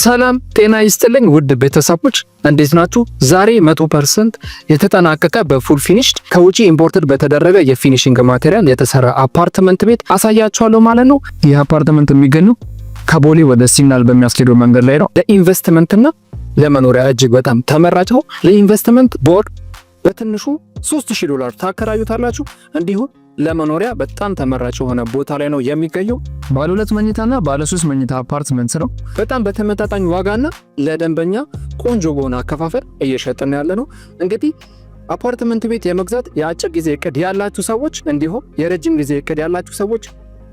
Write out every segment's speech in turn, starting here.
ሰላም ጤና ይስጥልኝ ውድ ቤተሰቦች እንዴት ናችሁ? ዛሬ 100% የተጠናቀቀ በፉል ፊኒሽድ ከውጪ ኢምፖርትድ በተደረገ የፊኒሽንግ ማቴሪያል የተሰራ አፓርትመንት ቤት አሳያችኋለሁ ማለት ነው። ይህ አፓርትመንት የሚገኘው ከቦሌ ወደ ሲግናል በሚያስኬደው መንገድ ላይ ነው። ለኢንቨስትመንትና ለመኖሪያ እጅግ በጣም ተመራጭ ነው። ለኢንቨስትመንት ቦርድ በትንሹ 3000 ዶላር ታከራዩታላችሁ። እንዲሁም ለመኖሪያ በጣም ተመራጭ የሆነ ቦታ ላይ ነው የሚገኘው። ባለ ሁለት መኝታና ባለ ሶስት መኝታ አፓርትመንት ነው። በጣም በተመጣጣኝ ዋጋና ለደንበኛ ቆንጆ በሆነ አከፋፈል እየሸጥን ያለ ነው። እንግዲህ አፓርትመንት ቤት የመግዛት የአጭር ጊዜ እቅድ ያላችሁ ሰዎች እንዲሁም የረጅም ጊዜ እቅድ ያላችሁ ሰዎች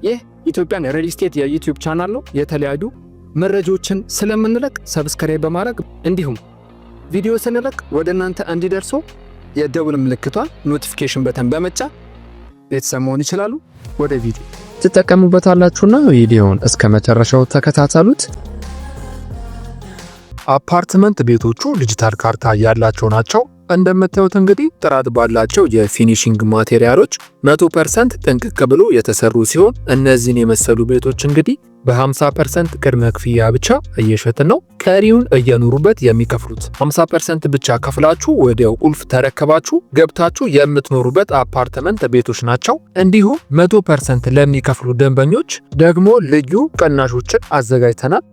ይህ ኢትዮጵያን ሪል ስቴት የዩቲዩብ ቻናል ነው። የተለያዩ መረጃዎችን ስለምንለቅ ሰብስክራይብ በማድረግ እንዲሁም ቪዲዮ ስንለቅ ወደ እናንተ እንዲደርሰው የደውል ምልክቷን ኖቲፊኬሽን በተን በመጫ ቤተሰብ መሆን ይችላሉ። ወደ ቪዲዮ ትጠቀሙበታላችሁና ቪዲዮውን እስከ መጨረሻው ተከታተሉት። አፓርትመንት ቤቶቹ ዲጂታል ካርታ ያላቸው ናቸው። እንደምታዩት እንግዲህ ጥራት ባላቸው የፊኒሽንግ ማቴሪያሎች 100% ጥንቅቅ ብሎ የተሰሩ ሲሆን እነዚህን የመሰሉ ቤቶች እንግዲህ በ50 ፐርሰንት ቅድመ ክፍያ ብቻ እየሸጥን ነው። ቀሪውን እየኖሩበት የሚከፍሉት 50 ፐርሰንት ብቻ ከፍላችሁ ወዲያው ቁልፍ ተረከባችሁ ገብታችሁ የምትኖሩበት አፓርትመንት ቤቶች ናቸው። እንዲሁም 100 ፐርሰንት ለሚከፍሉ ደንበኞች ደግሞ ልዩ ቅናሾችን አዘጋጅተናል።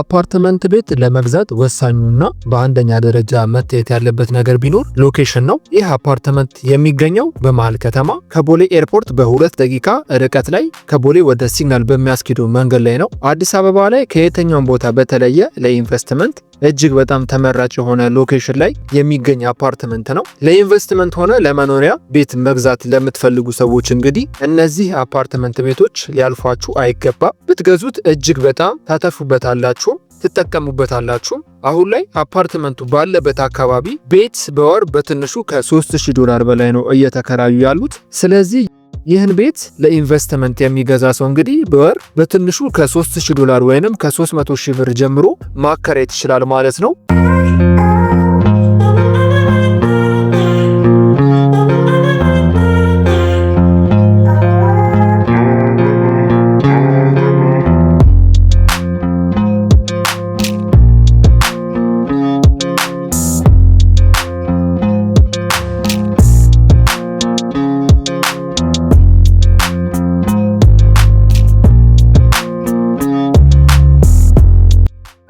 አፓርትመንት ቤት ለመግዛት ወሳኙና በአንደኛ ደረጃ መታየት ያለበት ነገር ቢኖር ሎኬሽን ነው። ይህ አፓርትመንት የሚገኘው በመሀል ከተማ ከቦሌ ኤርፖርት በሁለት ደቂቃ ርቀት ላይ ከቦሌ ወደ ሲግናል በሚያስኪዱ መንገድ ላይ ነው። አዲስ አበባ ላይ ከየትኛውም ቦታ በተለየ ለኢንቨስትመንት እጅግ በጣም ተመራጭ የሆነ ሎኬሽን ላይ የሚገኝ አፓርትመንት ነው። ለኢንቨስትመንት ሆነ ለመኖሪያ ቤት መግዛት ለምትፈልጉ ሰዎች እንግዲህ እነዚህ አፓርትመንት ቤቶች ሊያልፏችሁ አይገባ። ብትገዙት እጅግ በጣም ታተርፉበታላችሁ፣ ትጠቀሙበታላችሁ። አሁን ላይ አፓርትመንቱ ባለበት አካባቢ ቤት በወር በትንሹ ከ3000 ዶላር በላይ ነው እየተከራዩ ያሉት። ስለዚህ ይህን ቤት ለኢንቨስትመንት የሚገዛ ሰው እንግዲህ በወር በትንሹ ከ3000 ዶላር ወይንም ከ 300000 ብር ጀምሮ ማከራየት ይችላል ማለት ነው።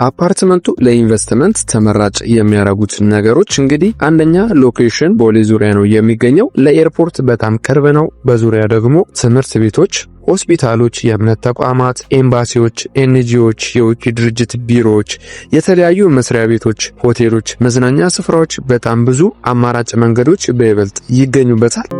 አፓርትመንቱ ለኢንቨስትመንት ተመራጭ የሚያደርጉት ነገሮች እንግዲህ አንደኛ ሎኬሽን ቦሌ ዙሪያ ነው የሚገኘው። ለኤርፖርት በጣም ቅርብ ነው። በዙሪያ ደግሞ ትምህርት ቤቶች፣ ሆስፒታሎች፣ የእምነት ተቋማት፣ ኤምባሲዎች፣ ኤንጂዎች፣ የውጭ ድርጅት ቢሮዎች፣ የተለያዩ መስሪያ ቤቶች፣ ሆቴሎች፣ መዝናኛ ስፍራዎች፣ በጣም ብዙ አማራጭ መንገዶች በይበልጥ ይገኙበታል።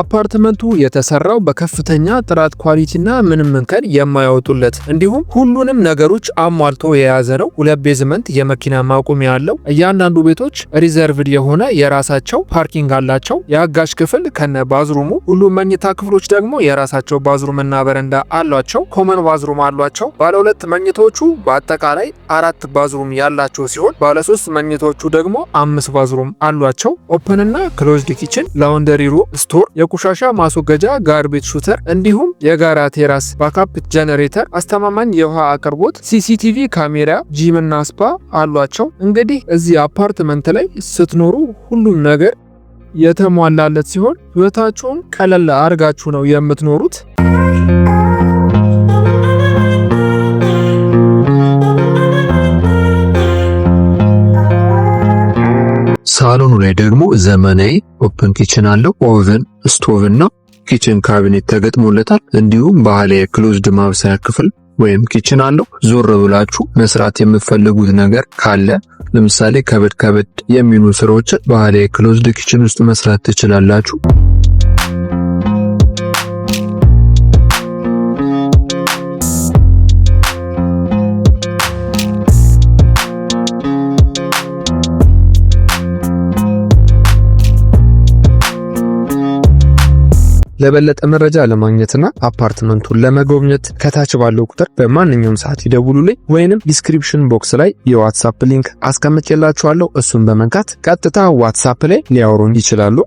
አፓርትመንቱ የተሰራው በከፍተኛ ጥራት ኳሊቲና ምንም እንከን የማያወጡለት እንዲሁም ሁሉንም ነገሮች አሟልቶ የያዘ ነው። ሁለት ቤዝመንት የመኪና ማቆሚያ አለው። እያንዳንዱ ቤቶች ሪዘርቭድ የሆነ የራሳቸው ፓርኪንግ አላቸው። የአጋሽ ክፍል ከነ ባዝሩሙ፣ ሁሉም መኝታ ክፍሎች ደግሞ የራሳቸው ባዝሩምና በረንዳ አሏቸው። ኮመን ባዝሩም አሏቸው። ባለ ሁለት መኝቶቹ በአጠቃላይ አራት ባዝሩም ያላቸው ሲሆን ባለ ሶስት መኝቶቹ ደግሞ አምስት ባዝሩም አሏቸው። ኦፕንና ክሎዝድ ኪችን፣ ላውንደሪ ሩም፣ ስቶር የቆሻሻ ማስወገጃ ጋርቤጅ ሹተር፣ እንዲሁም የጋራ ቴራስ ባካፕ ጀነሬተር፣ አስተማማኝ የውሃ አቅርቦት፣ ሲሲቲቪ ካሜራ፣ ጂም እና ስፓ አሏቸው። እንግዲህ እዚህ አፓርትመንት ላይ ስትኖሩ ሁሉም ነገር የተሟላለት ሲሆን ህይወታችሁን ቀለል አድርጋችሁ ነው የምትኖሩት። ሳሎኑ ላይ ደግሞ ዘመናዊ ኦፕን ኪችን አለው። ኦቨን፣ ስቶቭ እና ኪችን ካቢኔት ተገጥሞለታል። እንዲሁም ባህላዊ የክሎዝድ ማብሰያ ክፍል ወይም ኪችን አለው። ዞር ብላችሁ መስራት የምትፈልጉት ነገር ካለ ለምሳሌ ከበድ ከበድ የሚሉ ስራዎችን ባህላዊ ክሎዝድ ኪችን ውስጥ መስራት ትችላላችሁ። ለበለጠ መረጃ ለማግኘትና አፓርትመንቱን ለመጎብኘት ከታች ባለው ቁጥር በማንኛውም ሰዓት ይደውሉልኝ ወይንም ዲስክሪፕሽን ቦክስ ላይ የዋትሳፕ ሊንክ አስቀምጬላችኋለሁ። እሱን በመንካት ቀጥታ ዋትሳፕ ላይ ሊያወሩን ይችላሉ።